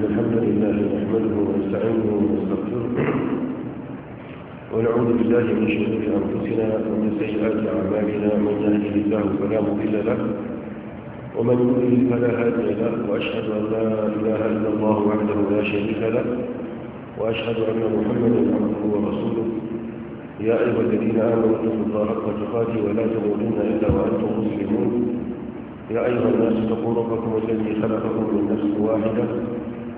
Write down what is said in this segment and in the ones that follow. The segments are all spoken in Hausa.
الحمد لله نحمده ونستعينه ونستغفره ونعوذ بالله من شرور أنفسنا ومن سيئات أعمالنا من يهده الله فلا مضل له ومن يضلل فلا هادي له وأشهد أن لا إله إلا الله وحده لا شريك له وأشهد أن محمدا عبده ورسوله يا أيها الذين آمنوا اتقوا الله حق تقاته ولا تموتن إلا وأنتم مسلمون يا أيها الناس اتقوا ربكم الذي خلقكم من نفس واحدة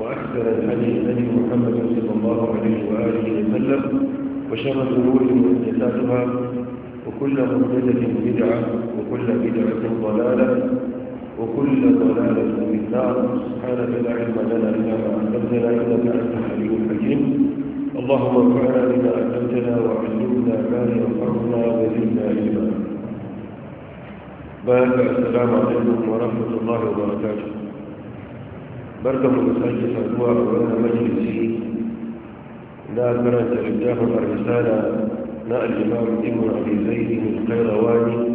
وأكثر الحديث هدي محمد صلى الله عليه وآله وسلم وشر الأمور محدثاتها وكل محدثة بدعة وكل بدعة ضلالة وكل ضلالة في النار سبحانك لا علم لنا إلا ما علمتنا إنك أنت الحليم الحكيم اللهم انفعنا بما علمتنا وعلمنا ما ينفعنا وزدنا علما بارك السلام عليكم ورحمة الله وبركاته بركة المسجد أدواء وأنا مجلسي لا أكبرت رجاه الرسالة ناء الإمام ابن أبي زيد القيرواني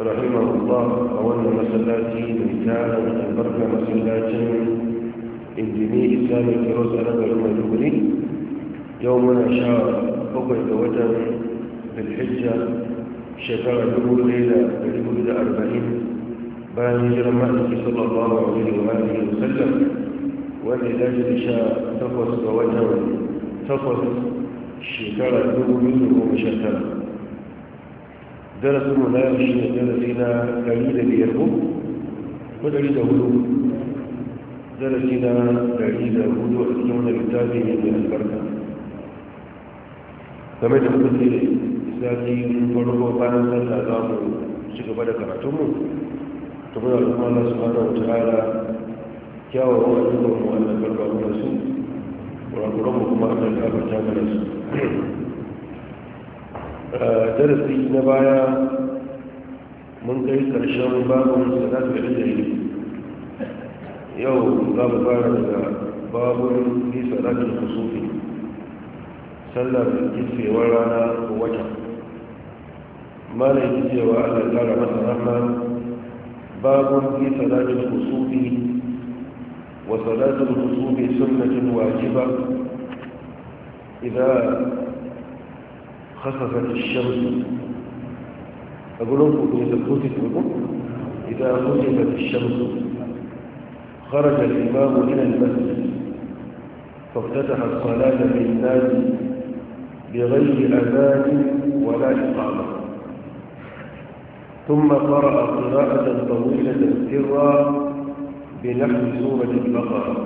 رحمه الله أولنا مسلاتي من كان البركة مسلاتي إندمي إسلامي كروس أنا يوم يومنا شهر بقيت وتر بالحجة شكرا له ليلة بلغة bayan jiran ma'aiki sallallahu alaihi wa alihi wa sallam wanda ya ji sha takwas ga watan takwas shekara dubu biyu da goma sha tara darasin mu na yau shi ne darasi na ɗari da biyar ko ko ɗari hudu darasi na ɗari da hudu a cikin wani littafi ne mai albarka game da kuka ce sati farko bayan sallah za mu ci gaba da karatunmu kamar da kuma Allah subhanahu wa ta'ala kyawawan ayyukan mu Allah karba mana su kurakuran mu kuma Allah ya abata mana su darasi na baya mun kai karshen babun salatu da ne, yau za mu fara daga babun fi su kusufi sallar kifewar rana wata malai cewa a ya kara masa rahma باب في صلاة الخصوف وصلاة الخصوف سنة واجبة إذا خففت الشمس أقول لكم إذا خففت إذا خففت الشمس خرج الإمام إلى المسجد فافتتح الصلاة بالناس بغير أذان ولا إقامة ثم قرأ قراءة طويلة سرا بنحو سورة البقرة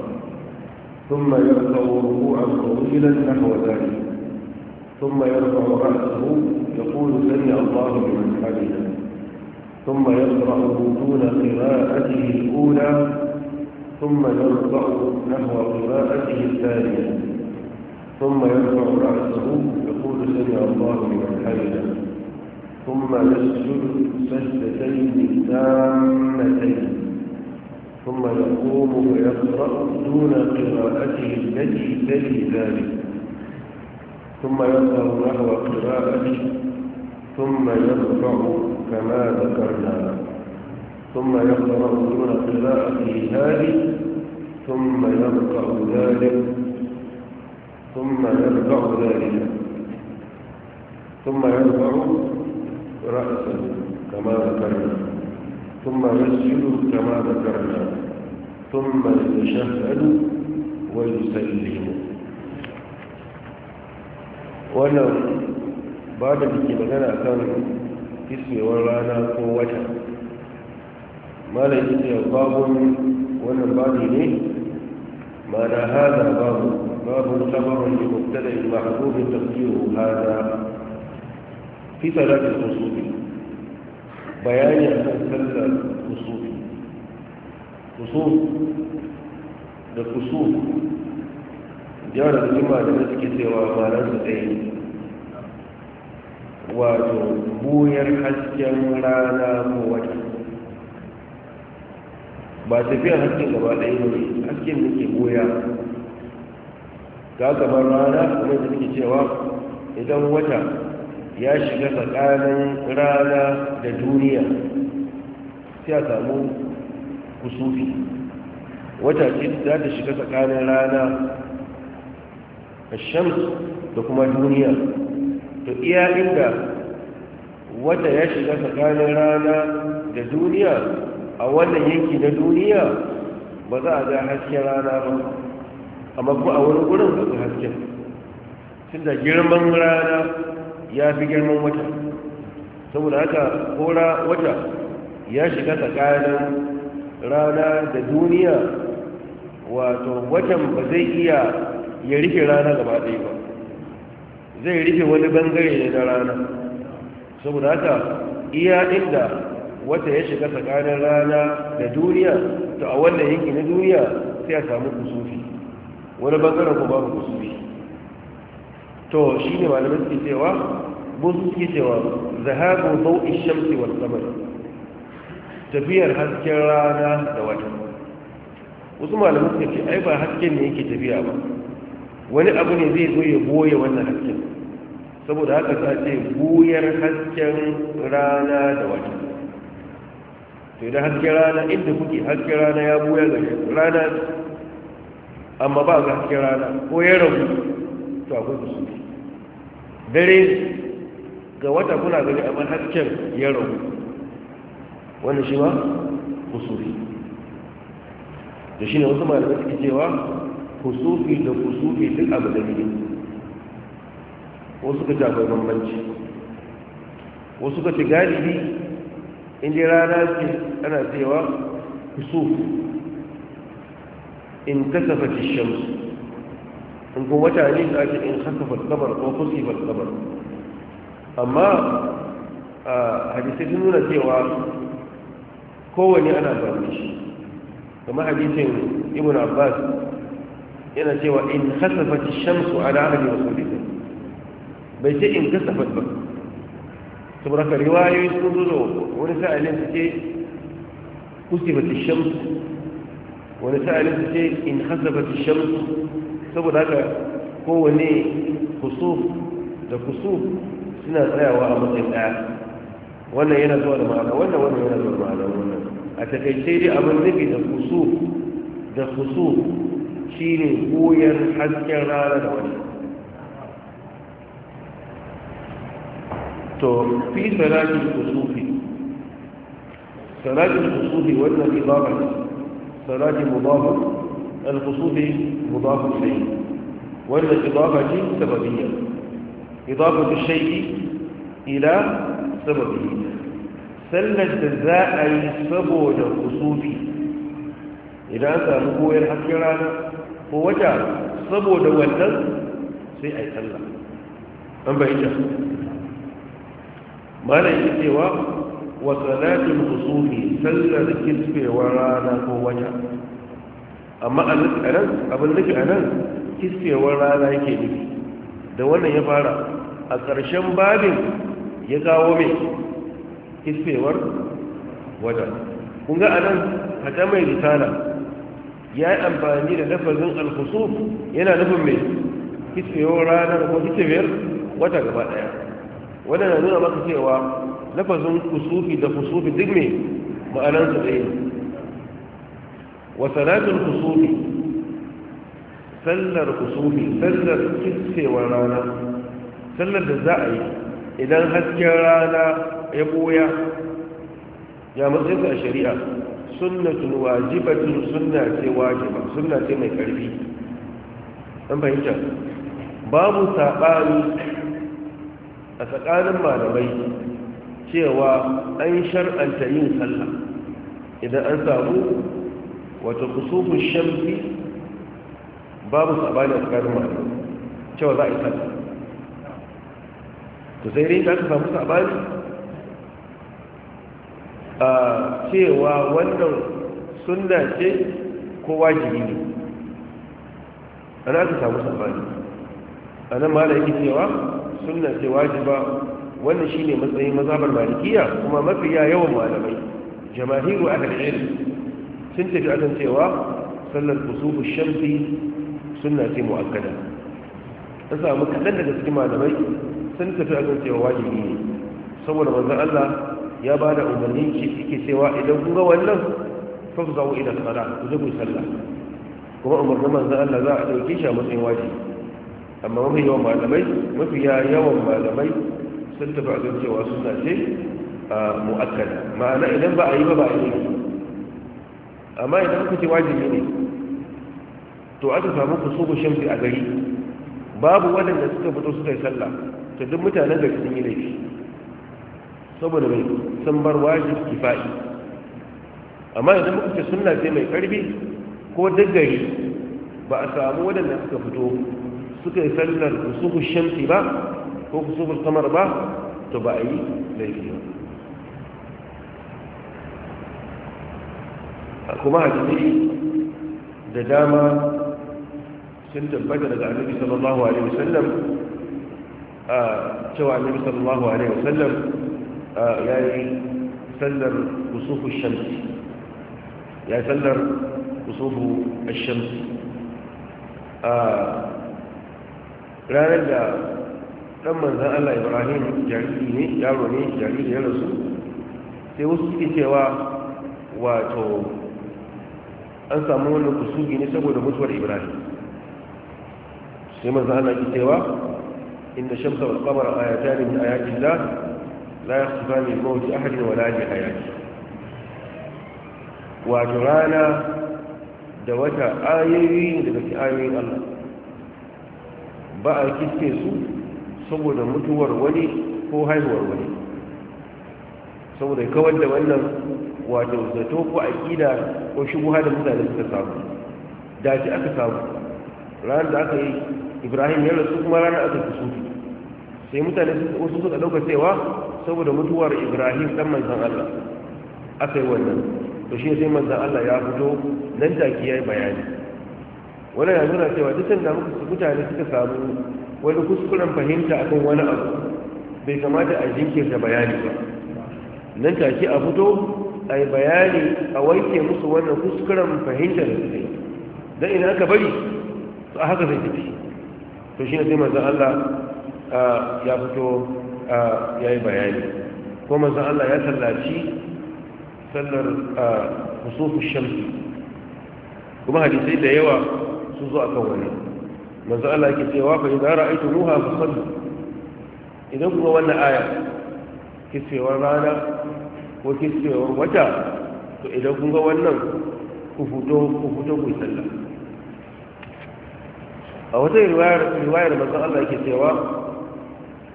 ثم يرفع ركوعا طويلا نحو ذلك ثم يرفع رأسه يقول سمع الله لمن حمده ثم يقرأ دون قراءته الأولى ثم يرفع نحو قراءته الثانية ثم يرفع رأسه يقول سمع الله لمن حمده ثم يسجد سجدتين تامتين ثم يقوم ويقرأ دون قراءته التي تلي ذلك ثم يظهر نحو قراءته ثم يرفع كما ذكرنا ثم يقرأ دون قراءته هذه ثم يرفع ذلك ثم يرفع ذلك ثم يرفع رأسا كما ذكرنا ثم يسجد كما ذكرنا ثم يتشهد ويسلم wannan babu da ke magana kan kiswewar rana ko wata malayi ne babun wannan babu ne mana hada babu babu samarun da muktada mahbubin tafsiru hada fi salatul kusufi bayani akan sallar kusufi kusuf da kusuf yawon al'umma da na suke cewa maransu ɗaya ne wato buyar hasken rana ko wata ba tafiyar hasken gaba ɗaya ne hasken da ke goya ta kamar rana kuma da suke cewa idan wata ya shiga tsakanin rana da duniya sai a samu kusufi wata ce za ta shiga tsakanin rana da shams da kuma duniya to iya inda wata ya shiga tsakanin rana da duniya a wannan yanki na duniya ba za a ga hasken rana ba amma ko a wani gurin ba ga hasken tun da girman rana ya fi girman wata saboda haka kora wata ya shiga tsakanin rana da duniya wato watan ba zai iya ya rike rana gaba ɗaya ba zai rike wani bangare ne na rana saboda haka iya inda wata ya shiga tsakanin rana da duniya to a wannan yanki na duniya sai a samu kusufi wani bangaren ko babu kusufi to shi ne malamai suke cewa bun suke cewa zahabu zau shamsi wa samari tafiyar hasken rana da wata wasu malamai suke ce ai ba hasken ne yake tafiya ba wani abu ne zai zo ya goye wannan hasken saboda haka ta ce buyar hasken rana da wata to idan hasken rana inda kuke hasken rana ya buya ga rana amma ba ga hasken rana ko ya rabu to akwai kusuri dare ga wata kuna gani a hasken ya wani wannan shi ma kusuri da shi ne wasu malamai suke cewa kusufi da kusufi duk abu da ne wasu ka akwai bambanci wasu ka ci galibi inda rana ce ana cewa kusufi in kasafa shamsu ان قوته عليه لكن ان خسف القبر وخسف القبر اما آه، حديثه نونا سيوا كوني انا بامش كما حديث ابن عباس يانا سيوا ان خسفت الشمس على عهد رسول الله بس ان كسفت بك ثم رك الروايه يسكتوا ونسال انت كسفت الشمس ونسال انت ان خسفت الشمس saboda haka kowane kusuf da kusuf suna tsayawa a matsayin ɗaya wannan yana zuwa da ma'ana wannan wannan yana zuwa da ma'ana wannan a takaice dai abin nufi da kusuf da kusuf shine koyar hasken rana da wani to fi sarakin kusufi sarakin kusufi wannan ibabar sarakin mubabar الخصوصي مضاف اليه وان الاضافه دي سببيه اضافه الشيء الى سببه سل الجزاء يسبب لخصوصه اذا سالوا هو الحكيران هو وجه سبب لوالدن سي اي سلا ان بهجه ما لا يكتوى وصلاه الخصوص سل الكذب ورانا هو وجه amma abin nufi a nan kiskewar rana yake nufi da wannan ya fara a ƙarshen babin ya kawo mai kiskewar wata kunga a nan hata mai risala ya yi amfani da lafazin alkusu yana nufin mai kiskewar ranar ko kiskewar wata gaba ɗaya wadanda nuna maka cewa lafazin kusufi da kusufi duk mai ma'anansu ɗaya wa salatul kusufi sallar kusufi sallar kitsewar rana sallar da za a yi idan hasken rana ya boya ya matsayinsa a shari'a sunnatun wajibatun sunna ce wajiba sunna ce mai karfi an fahimta babu saɓani a tsakanin malamai cewa an shar'anta yin sallah idan an samu wato kusurku shamsi babu sabani a tsakanin masu cewa za a yi sata to sai dai ta samu sabani a cewa wannan sunna ce ko wajibi ne ana ka samu sabani a nan ma da yake cewa sunna ce wajiba wannan shi ne matsayin mazabar malikiya kuma mafiya yawan malamai jamahiru a ilm sun tafi akan cewa sallar kusufu shamsi sunna ce mu'akkada ta samu kaɗan daga cikin malamai sun tafi akan cewa wajibi ne saboda manzon Allah ya ba da umarnin ce yake cewa idan kun ga wannan fa ku zawo ila sala ku je ku sallah kuma umarnin manzon Allah za a dauke shi a matsayin wajibi amma mafi yawan malamai mafi yawan malamai sun tafi akan cewa sunna ce ah, mu'akkada ma'ana idan ba a yi ba ba a yi amma idan kuka ce wajibi ne to aka samu kusugu shamsi a gari babu waɗanda suka fito suka yi sallah to duk mutanen gari sun yi laifi saboda mai sun bar wajib kifa'i amma idan muka ce sunna ce mai karbi ko duk gari ba a samu waɗanda suka fito suka yi sallar kusugu shamsi ba ko kusugu samar ba to ba a yi laifi ba kuma hadisi da dama sun tabbata daga annabi sallallahu alaihi wasallam a cewa annabi sallallahu alaihi wasallam ya yi sallar kusufu shamsi ya yi sallar kusufu shamsi ranar da ɗan manzan Allah Ibrahim jariri ne yaro ne jariri ya rasu sai wasu suke cewa wato an samu wannan kusugi ne saboda mutuwar ibrahim sai manzo Allah ki cewa inna shamsa a qamara ayatan min ayati Allah la yakhfani min mawti ahad wa la li hayati rana da wata ayoyi daga cikin ayoyin Allah ba a su saboda mutuwar wani ko haihuwar wani saboda kawar da wannan wato zato ko aƙida ko shubuha da mutane suka samu da shi aka samu ranar da aka yi ibrahim ya rasu kuma ranar aka fi sufi sai mutane wasu suka ɗauka cewa saboda mutuwar ibrahim ɗan manzan allah aka yi wannan to shi sai manzan allah ya fito nan take ya yi bayani wannan ya nuna cewa duk da mutane suka samu wani kuskuren fahimta akan wani abu bai kamata a jinkirta bayani ba nan take a fito a yi bayani a wanke musu wannan kuskuren fahimtar da suke don ina aka bari su a haka zai fiti to shi ne sai manzan Allah ya fito ya yi bayani ko manzan Allah ya tallaci sallar musufu shamsi kuma hadisai da yawa su zo a kan wani manzan Allah ke cewa fahimtar idan ruha musamman idan kuma wannan aya kisewar rana ko kisewar wata to idan kun ga wannan ku fito ku fito ku sallah a wata riwayar riwayar manzon Allah yake cewa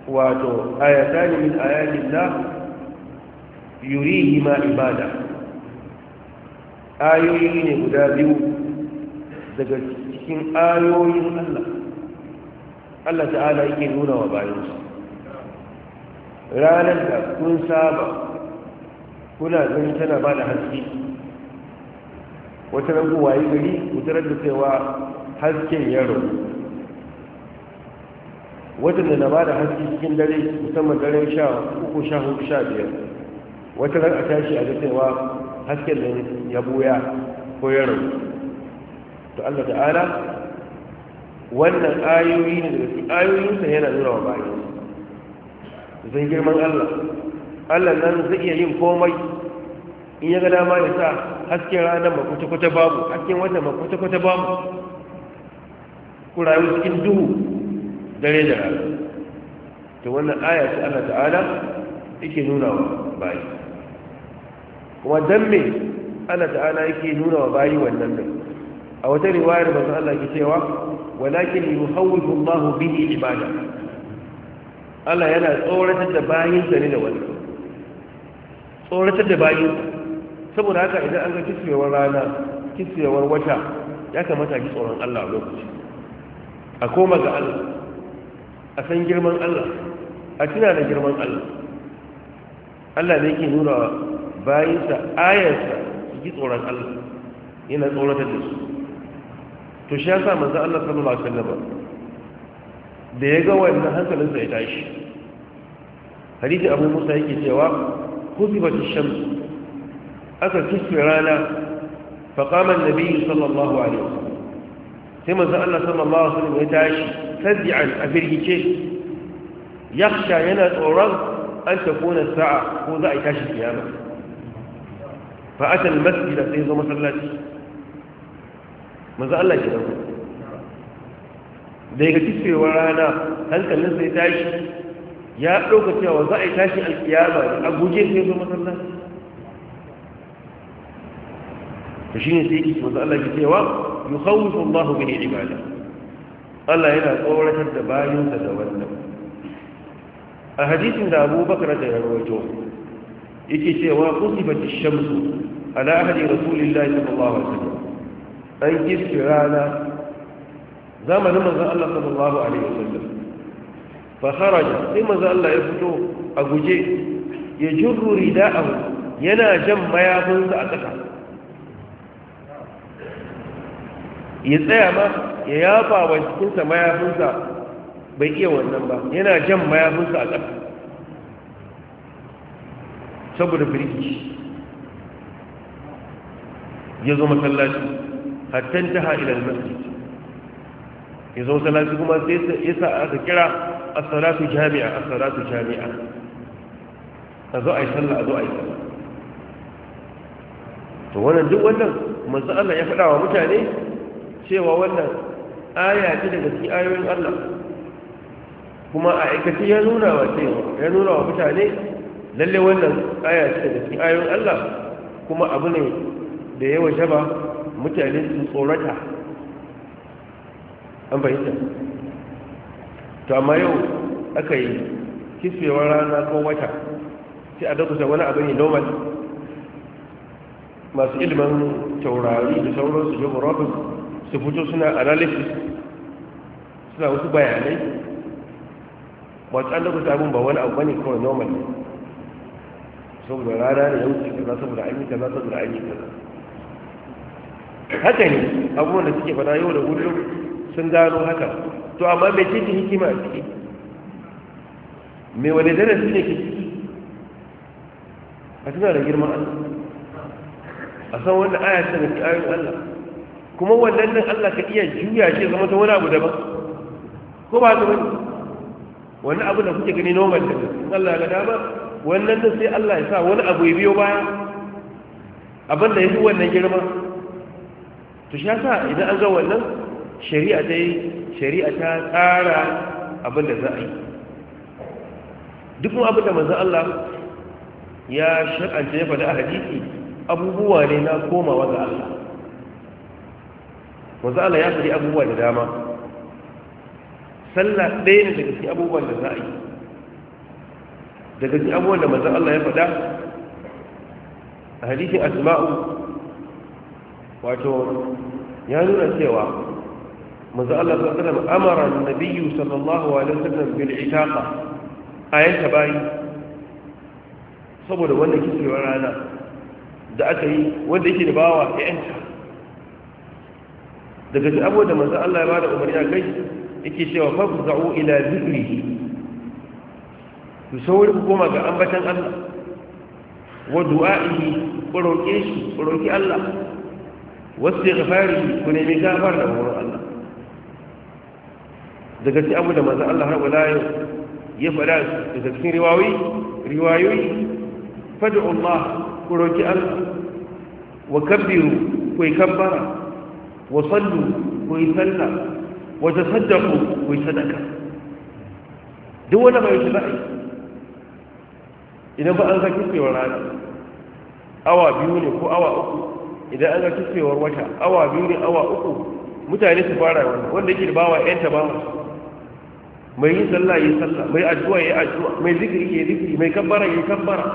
wato ayatan min ayatillah yurihi ma ibada ayoyi ne guda biyu daga cikin ayoyin Allah Allah ta'ala yake nuna wa bayansa ranar da kun saba kuna gani tana ba da haske wata ragu waye gari wutar da cewa hasken yaro? wata da na ba da haske cikin dare musamman daren sha uku sha hudu sha biyar wata ran a tashi a cewa hasken nan ya buya ko yaro. to Allah ta'ala wannan ayoyi ne daga ayoyinsa yana nuna wa bayansa zai girman Allah Allah nan zai iya yin komai in ya ga dama ya sa hasken ranar makwata-kwata babu hasken wata makwata-kwata babu ku rayu cikin duhu dare da rana ta wannan aya ta Allah ta'ala yake nuna wa bayi kuma dan me Allah ta'ala yake nuna wa bayi wannan nan. a wata riwayar manzo Allah ke cewa walakin yuhawwidu Allahu bihi ibada Allah yana tsoratar da bayin sa ne da wani tsoratar da bayin saboda haka idan an ga kiswewar rana kiswewar wata ya kamata ki tsoron Allah a lokaci a koma ga Allah a san girman Allah a tuna da girman Allah Allah ne yake nuna bayinsa ayarsa su ji tsoron Allah yana tsoratar da su to shi ya sa manzo Allah sallallahu alaihi wasallam da ya ga wannan hankalinsa ya tashi hadisi abu musa yake cewa kuzibat shams aka kisfi rana fa qama an-nabi sallallahu alaihi wasallam sai manzo Allah sallallahu alaihi wasallam ya tashi sadi'an a firgice yakhsha yana tsoron an takuna sa'a ko za a tashi kiyama fa ata al-masjid sai zo masallaci manzo Allah ya dauka daga ya rana hankalin sai tashi ya dauka cewa za a tashi alkiyama a guje sai zo masallaci to shine sai yake manzo Allah ya cewa yukhawifu Allahu bihi ibada Allah yana tsoratar da bayin sa da wannan a hadisin da Abu Bakar da Rawajo yake cewa kusibat ash-shamsu ala ahli rasulillahi sallallahu alaihi wasallam ai kisra zamanin manzon Allah sallallahu alaihi wasallam fa kharaja sai manzon Allah ya fito a guje ya jirru rida'ahu yana jan mayafinsa a ƙasa ya tsaya ma ya yafa wa cikinsa mayafinsa bai iya wannan ba yana jan mayafinsa a ƙasa saboda birki ya zo masallaci hatta ta ha'ilal masjid ya zo salati kuma sai ya sa aka kira as-salatu jami'a as-salatu jami'a a zo a yi sallah a zo a yi sallah to wannan duk wannan manzo Allah ya faɗa wa mutane cewa wannan aya ce daga cikin ayoyin Allah kuma a aikace ya nuna wa cewa ya nuna wa mutane lalle wannan aya ce daga cikin ayoyin Allah kuma abu ne da yawa shaba mutane su tsorata an fahimta to amma yau aka yi kisfewar rana ko wata sai a dakuta wani abin yi normal masu ilimin taurari da sauransu jogo robin su fito suna analysis suna wasu bayanai masu an dakuta abin ba wani abin bane kawai normal saboda rana da ce kaza saboda an yi kaza saboda an yi kaza haka ne abubuwan da suke fada yau da kullum sun gano haka to amma mai ce hikima a ciki mai wani darasi ne ke ciki a tuna da girman allah a san wannan aya ta nufi ayoyin allah kuma wannan nan allah ka iya juya shi zama ta wani abu daban ko ba zuwa wani abu da kuke gani normal da in allah ga dama wannan nan sai allah ya sa wani abu ya biyo baya abin da ya fi wannan girma to shi sa idan an ga wannan shari'a dai shari'a ta tsara abin da za a yi duk abin da manzo Allah ya shar'anta ya faɗa a hadisi abubuwa ne na komawa ga Allah manzo Allah ya faɗi abubuwa da dama sallah ɗaya ne daga cikin abubuwan da za a yi daga cikin abubuwan da manzo Allah ya faɗa a hadisin asma'u wato ya nuna cewa manzo Allah sallallahu alaihi wasallam amara an sallallahu alaihi wasallam bil itaqa ayanta bayi saboda wanda kike rana da aka yi wanda yake da bawa ya yanta daga cikin abubuwan da manzo Allah ya bada umarni akai yake cewa fafza'u ila zikrihi ku sauri ku koma ga ambatan Allah wa du'a'ihi ku roƙe shi ku roƙi Allah wasu ya gafari ku nemi gafar da wurin Allah daga cikin abu da manzo Allah har wala yau ya fada daga cikin riwayoyi riwayoyi fad'u Allah ku roki Allah wa kabbiru ku kabbara wa sallu ku salla wa tasaddaqu ku sadaka duk wanda bai shi ba'i idan ba an ga kifewar rana awa biyu ne ko awa uku idan an ga kifewar wata awa biyu ne awa uku mutane su fara wanda yake da bawa yan ba. mai yin sallah yi sallah mai addu'a yi addu'a mai zikiri yi zikiri mai kabbara yi kabbara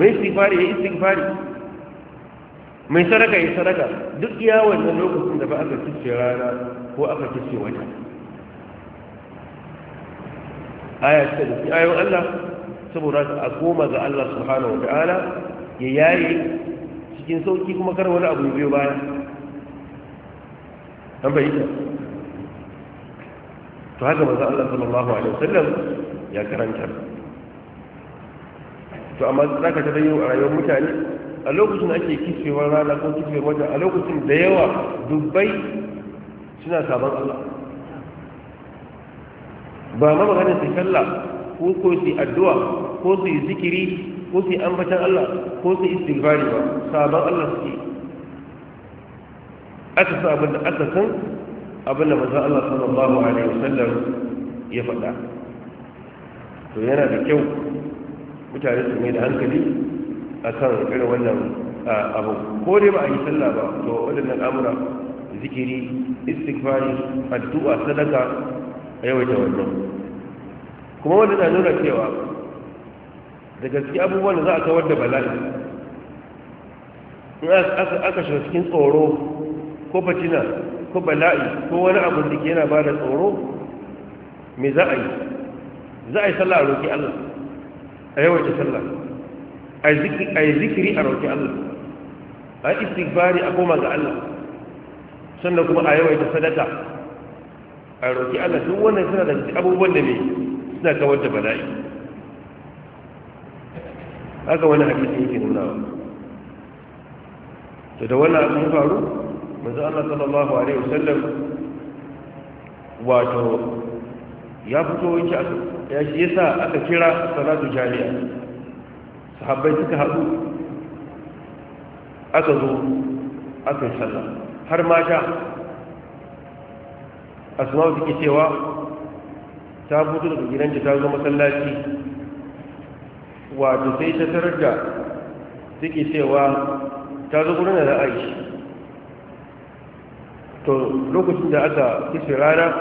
mai istighfari yi istighfari mai sadaka yi sadaka duk iya wannan lokacin da ba aka kice rana ko aka kice wata aya ta da ayon Allah saboda a goma ga Allah subhanahu wa ta'ala ya yare cikin sauki kuma kar wani abu biyo baya an bayyana to haka manzo Allah sallallahu alaihi wasallam ya karanta to amma zaka ta dai a rayuwar mutane a lokacin ake kicewar rana ko kicewar wata a lokacin da yawa dubbai suna sabon Allah ba ma maganin su kalla ko ko su addu'a ko su yi zikiri ko su yi ambatan Allah ko su yi istighfari ba sabon Allah suke aka sa abin da aka san abin da mazan Allah sallallahu alaihi wasallam ya faɗa to yana da kyau mutane su mai da hankali a kan irin wannan abu ko dai ba a yi sallah ba to waɗannan amura zikiri istighfari addu'a sadaka a da wannan kuma wanda na nuna cewa da gaske abubuwan da za a kawar da bala'i in aka shiga cikin tsoro ko fatina ko bala'i ko wani abin da ke yana ba da tsoro mai za a yi za a yi sallah a roƙi Allah a yawaita sallah a yi zikiri a roƙi Allah a yi istighfari a koma ga Allah sannan kuma a yawaita sadaka a roƙi Allah duk wannan suna da abubuwan da ne suna kawar da bala'i haka wani hadisi yake nuna to da wannan abin faru manzo Allah sallallahu alaihi wasallam wato ya fito yake ya shi yasa aka kira salatu jami'a sahabbai suka haɗu aka zo aka sallah har mata asma'u take cewa ta fito daga gidanta ta zo masallaci wato sai ta tarar da take cewa ta zo gurin da Aisha to lokacin da aka kishe rana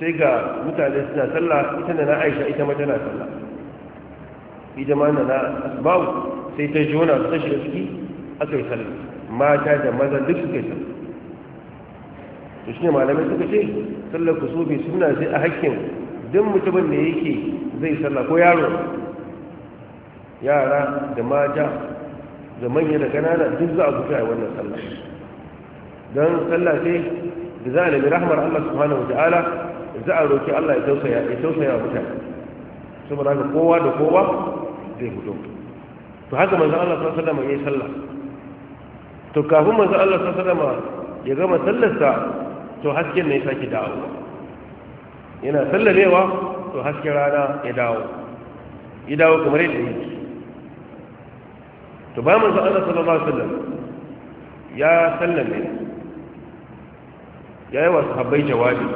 sai ga mutane suna sallah ita na aisha ita ma tana sallah ita ma na asbab sai ta jona tashi da suke aka yi sallah mata da maza duk suka yi sallah to ne malamai suka ce sallar sobe suna sai a hakkin duk mutumin da yake zai sallah ko yaro yara da mata da manya da ƙanana duk za a fita a wannan sallah don sallah ce da za a nemi rahmar Allah subhanahu wata'ala za a roki Allah ya tausaya ya tausaya wa mutane saboda haka kowa da kowa zai fito to haka manzo Allah sallallahu alaihi wasallam ya yi sallah to kafin manzo Allah sallallahu alaihi wasallam ya gama sallarsa to hasken ne ya saki dawo yana sallamewa to hasken rana ya dawo ya dawo kamar yadda yake to ba manzo Allah sallallahu alaihi wasallam ya sallame ya yi wa sahabbai jawabi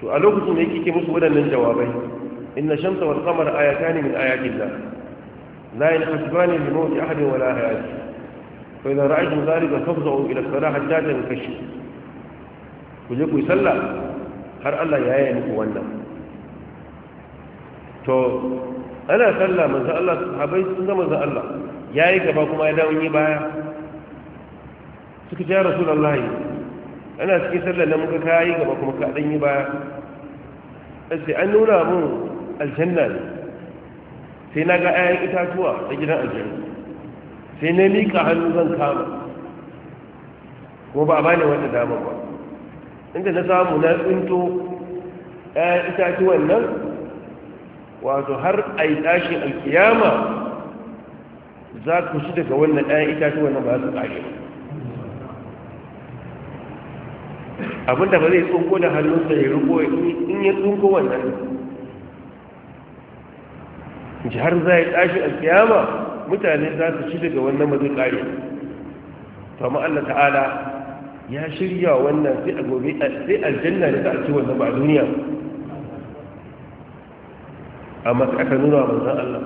to a lokacin da yake ke musu waɗannan jawabai inna shamsa wal qamar ayatani min ayatillah la yanhasibani li mawti ahadin wala hayati fa idza ra'aytum dhalika fafza'u ila as-salah hatta tankashu ku je ku yi sallah har Allah ya yi muku wannan to ana sallah manzo Allah sahabbai sun ga manzo Allah yayi gaba kuma ya dawo yi baya suka ce ya rasulullahi ana cikin sallar nan muka yi gaba kuma kaɗan yi baya sai an nuna mun aljanna ne sai na ga 'ya'yan itatuwa da gidan aljanna sai na miƙa hannu zan kama kuma ba a bani wata dama ba inda na samu na tsinto 'ya'yan itatuwan nan wato har a yi tashin alkiyama za ku shi daga wannan 'ya'yan itatuwan nan ba su ƙare ba abinda ba zai tsunko da hannunsa ya rubo in ya tsunko wannan jihar za ya tashi a kiyama mutane za su ci daga wannan mazin ƙari sama Allah ta'ala ya shirya wannan sai a gobe sai aljanna da ta ci wannan ba a duniya amma sai aka nuna manzan Allah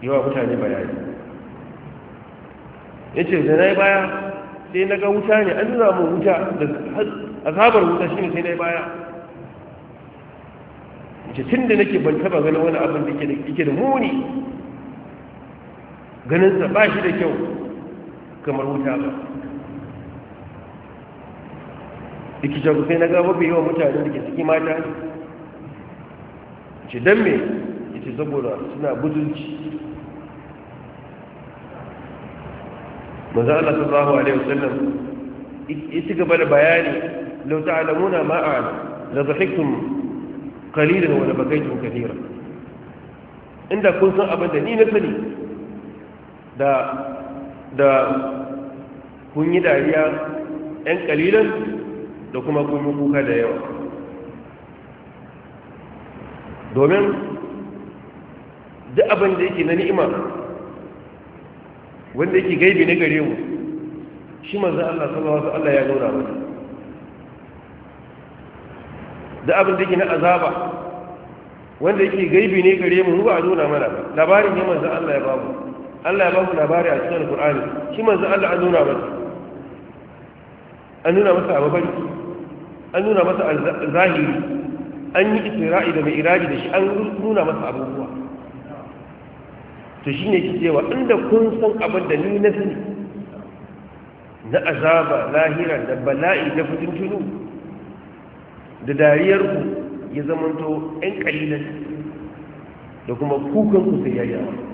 yawa mutane bayani ya ce yi baya sai na ga wuta ne an nuna mu wuta da azabar wuta shine sai na baya ce tun da nake ban taba ganin wani abin da yake da muni ganin sa ba shi da kyau kamar wuta ba ku sai na ga mafi yawan mutane da ke ciki mata ce don me ita saboda suna buzulci manzo Allah sallallahu alaihi wasallam ci gaba da bayani law ta'lamuna ma a'lam la dhahiktum qalilan wa la bakaytum kathiran inda kun san abin da ni na sani da da kun yi dariya ɗan kalilan da kuma kun yi kuka da yawa domin duk abin da yake na ni'ima wanda yake gaibi na gare mu shi manzan Allah sallallahu alaihi wasallam ya nuna mana da abin da yake na azaba wanda yake gaibi ne gare mu ba a nuna mana ba. labarin ne manzan Allah ya bamu Allah ya bamu labari a cikin Al-Qur'ani shi manzan Allah an nuna masa an nuna masa abu bari an nuna masa zahiri an yi isra'i da mai iraji da shi an nuna masa abubuwa to shi ne ki cewa inda kun san abin da ni na sani na azaba lahira da bala'i da fitin tunu da dariyarku ya zamanto 'yan kalilan da kuma kukanku sai ya kuma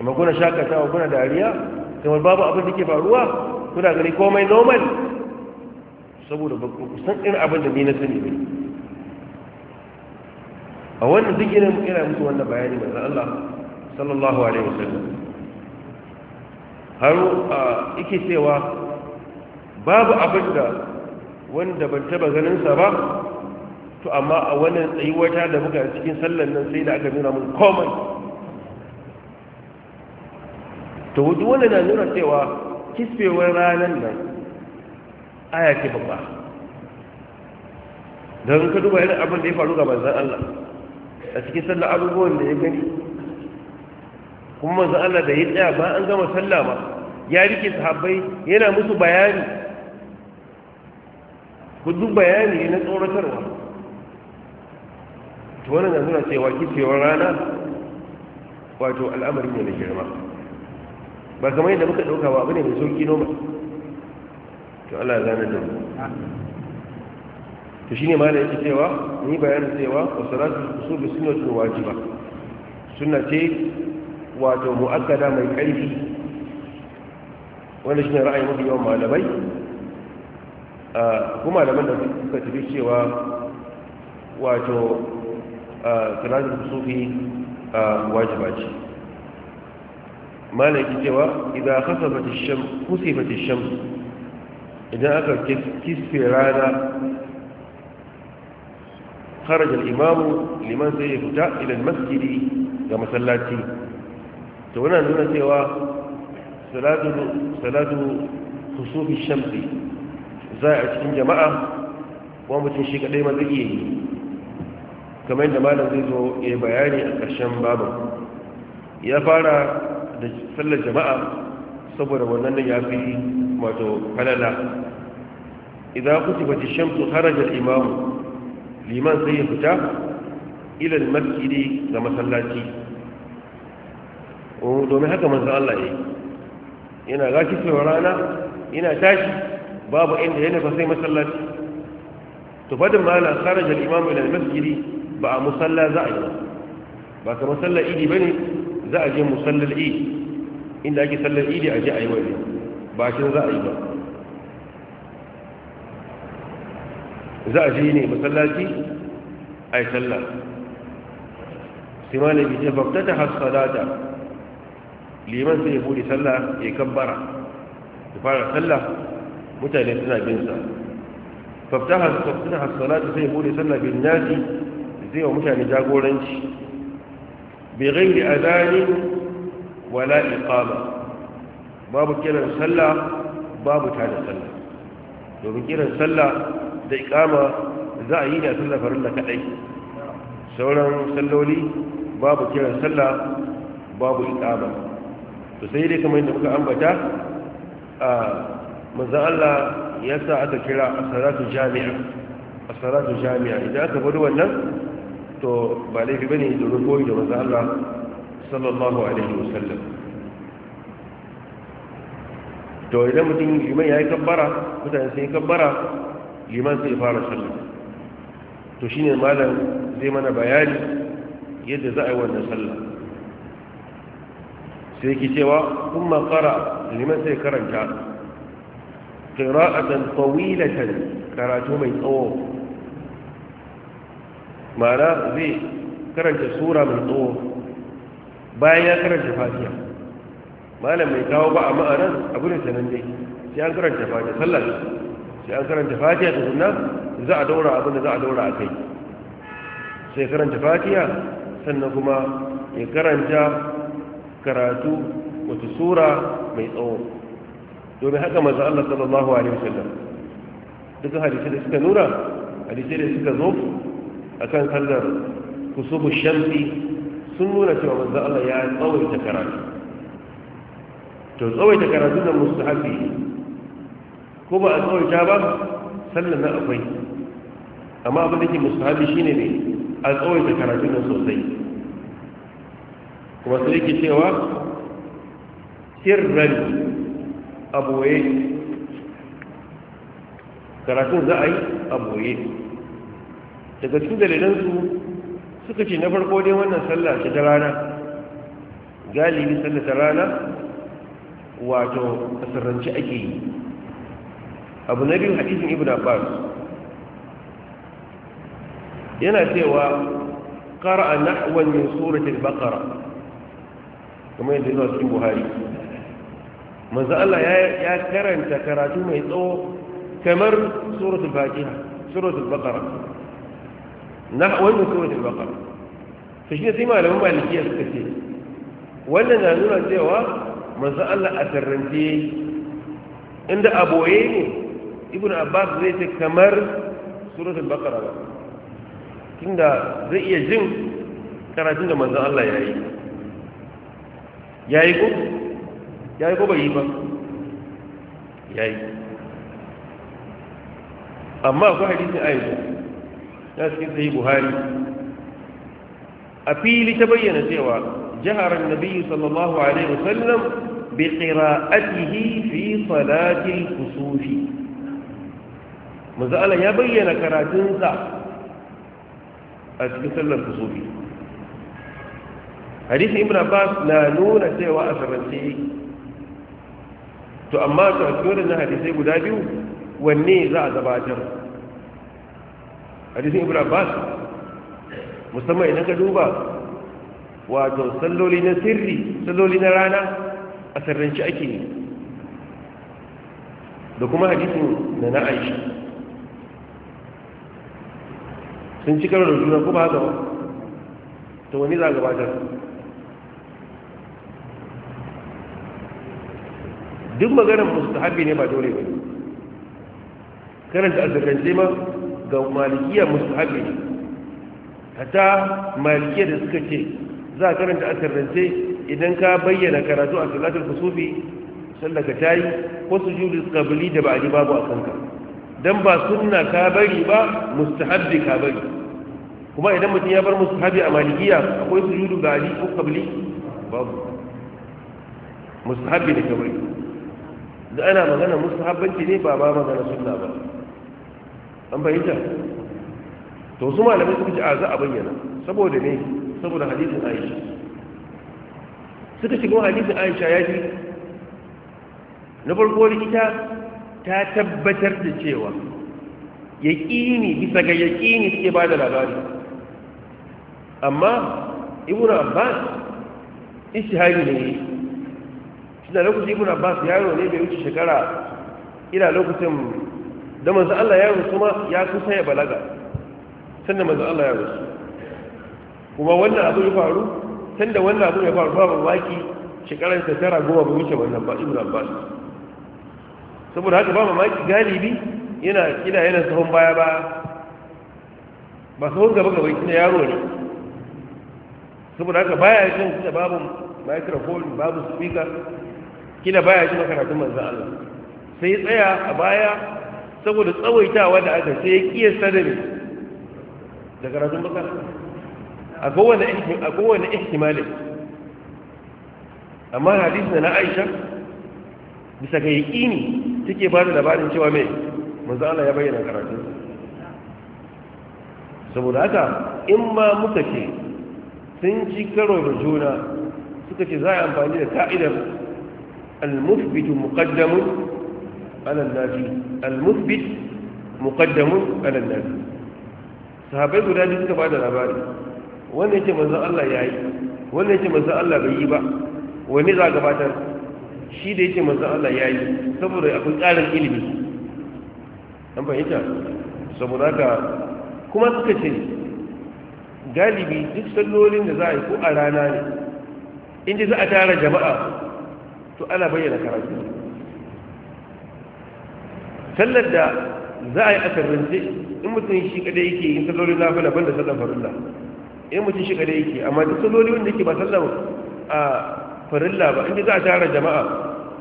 amma kuna shakatawa kuna dariya kamar babu abin da ke faruwa kuna gani komai normal saboda ba ku san irin abin da ni na sani ne a wannan duk irin kira musu wannan bayani manzon Allah sallallahu alaihi wasallam har yake cewa babu abin da wanda ban taba ganin sa ba to amma a wannan tsayuwata da muka cikin sallan nan sai da aka nuna mun komai to wuce wannan na nuna cewa kisfewar ranar nan aya ce babba don ka duba irin abin da ya faru ga manzan Allah a cikin sallah abubuwan da ya gani kuma manzo Allah da ya tsaya ba an gama sallah ba ya rike sahabbai yana musu bayani ku duk bayani ne na tsoratarwa to wannan na nuna cewa kicewar rana wato al'amari ne da girma ba kamar yadda muka ɗauka ba abu ne mai sauƙi noma to Allah ya zana da mu to shine ma da yake cewa ni bayanin cewa wasalatu usul sunnatu wajiba sunna ce wato mu'akkada mai ƙarfi wanda shine ra'ayi mafi yawan malamai kuma malaman da suka tafi cewa wato salatu sufi wajiba ce malaki cewa idan aka ash-shams khusifat ash-shams idan aka kisfe rana kharaja al-imamu liman sai ya fita ila al-masjidi ga masallaci to wannan nuna cewa salatu salatu khusufi shamsi za a cikin jama'a kuma mutum shi kadai ma zai yi kamar yadda malam zai zo ya bayani a ƙarshen babu ya fara da sallar jama'a saboda wannan ya fi wato falala idan kutuba shamsu harajar imamu liman sai ya fita ilal masjidi ga masallaci oh, domin haka manzan Allah ya yi yana gashi cewa rana yana tashi babu inda ya nufa sai masallaci to fadin ma'ana kharaja al-imam ila al-masjidi ba a musalla za a yi ba ka musalla idi ba ne za a je musallal idi inda ake sallar idi a je a yi wani ba shi za a yi ba za a je ne masallaci a yi sallah sai ma nabi ce babta ta hasalata liman sai ya bude sallah ya kabbara ya fara sallah mutane suna bin sa babta hasalata sai ya bude sallah bin nasi zai wa mutane jagoranci bai gairi azanin wala iqama babu kiran sallah babu tada sallah domin kiran sallah da ikama za a yi da sallar da kadai sauran salloli babu kiran sallah babu ikama to sai dai kamar yadda muka ambata a manzan Allah ya sa aka kira a salatu jami'a a salatu jami'a idan aka bari wannan to ba laifi ba bane domin koyi da manzan Allah sallallahu alaihi wasallam to idan mutum liman ya yi kabbara mutane sun yi kabbara liman sai fara sallah to shine malam zai mana bayani yadda za a yi wannan sallah sai ki cewa kun qara liman sai karanta qira'atan tawilatan karatu mai tsawo Mana zai karanta sura mai tsawo bayan ya karanta fatiha malam mai kawo ba a ma'anar abu da sanan dai sai an karanta fatiha sallah sai an karanta fatiha da sunna za a daura abin da za a daura a kai sai karanta fatiha sannan kuma ya karanta karatu wata sura mai tsawo domin haka maza Allah sallallahu alaihi wasallam dukkan hadisai da suka nuna hadisai da suka zo akan sallar kusubu shamsi sun nuna cewa manzo Allah ya tsawaita karatu to tsawaita karatu da mustahabi ko ba a tsawaita ba sallan na akwai amma abin da ke musahabi shi ne a tsawaita karatun nan sosai kuma sai yake cewa a aboye karatun za a yi aboye daga cikin dalilansu suka ce na farko dai wannan sallah ce ta rana galibi sallah ta rana wato a sirrance ake yi abu na biyu hadisin ibn abbas yana cewa qara'a nahwan min surati al-baqara kuma yadda zuwa cikin buhari manzo Allah ya karanta karatu mai tsawo kamar suratul fatiha suratul baqara nahwan min suratul baqara to shi sai malaman malikiya suka ce wannan na nuna cewa manzo Allah a tarrande inda aboye ne ibn abbas zai ce kamar suratul baqara ba tunda zai iya jin karatun da manzon Allah ya yi yayi ko yayi ko bai yi ba yayi amma akwai hadisin ne ya cikin sai buhari a fili ta bayyana cewa jahar annabi sallallahu alaihi wasallam bi qira'atihi fi al kusufi maza'ala ya bayyana karatunsa a cikin sallar kusurbi hadith ibn abbas na nuna cewa a sarrance to amma a cikin na hadisai guda biyu wanne za a gabatar hadisin ibn abbas musamman idan ka duba wato salloli na sirri salloli na rana a sarrance ake da kuma hadisun na na aisha sun ci karo da juna kuma haka ba to wani za a gabatar duk maganar mustahabi ne ba dole ba karanta azzakance ma ga malikiya mustahabi ne hata malikiya da suka ce za a karanta azzakance idan ka bayyana karatu a sufi kusufi sallaka tayi ko sujudu qabli da ji babu a kanka Don ba suna ka bari ba mustahabbi ka bari kuma idan mutum ya bar musu habi a malikiya akwai sujudu ga ali ko kabili babu mustahabbi da kabli da ana magana mustahabbanci ne ba ba magana sunna ba an bayyana to su malamai suka ce a za a bayyana saboda ne saboda hadisin aisha suka shiga hadisin aisha ya ji na farko ita ta tabbatar da cewa yaƙini bisa ga yaƙini suke ba da labari amma ibn abbas ishihari ne shida lokacin ibn abbas yaro ne bai wuce shekara ina lokacin da manzo Allah ya rusu ma ya kusa ya balaga sannan manzo Allah ya rusu kuma wannan abu ya faru sanda wannan abu ya faru babu waki shekaran ta tara goma bai wuce wannan ba ibn abbas saboda haka ba mamaki galibi yana kida yana sahun baya ba ba tsohon gaba gaba kina yaro ne saboda haka baya jin da babu microphone babu speaker kila baya jin karatun manzon Allah sai tsaya a baya saboda tsawaitawa da aka sai ya kiyasta da ne da karatun bakara a kowane ihtimali amma hadisi na aisha bisa ga yaƙini take ba da labarin cewa mai Allah ya bayyana karatun saboda haka in ma muka ce sun ci karo da juna suka ce za a amfani da ta'idar al-musbitu muqaddamun ala nafi al-musbit muqaddamun ala nafi sahabbai guda biyu suka bada labari wanda yake manzon Allah yayi wanda yake manzon Allah bai yi ba wani za gabatar shi da yake manzon Allah yayi saboda akwai ƙarin ilimi an fahimta saboda haka kuma suka ce galibi duk sallolin da za a yi ko a rana ne In ji za a tara jama'a to ana bayyana karatu sallar da za a yi a karrance in mutum shi kada yake yin sallolin lafiya ban da sallar farilla in mutum shi kada yake amma duk sallolin wanda yake ba sallar a farilla ba in ji za a tara jama'a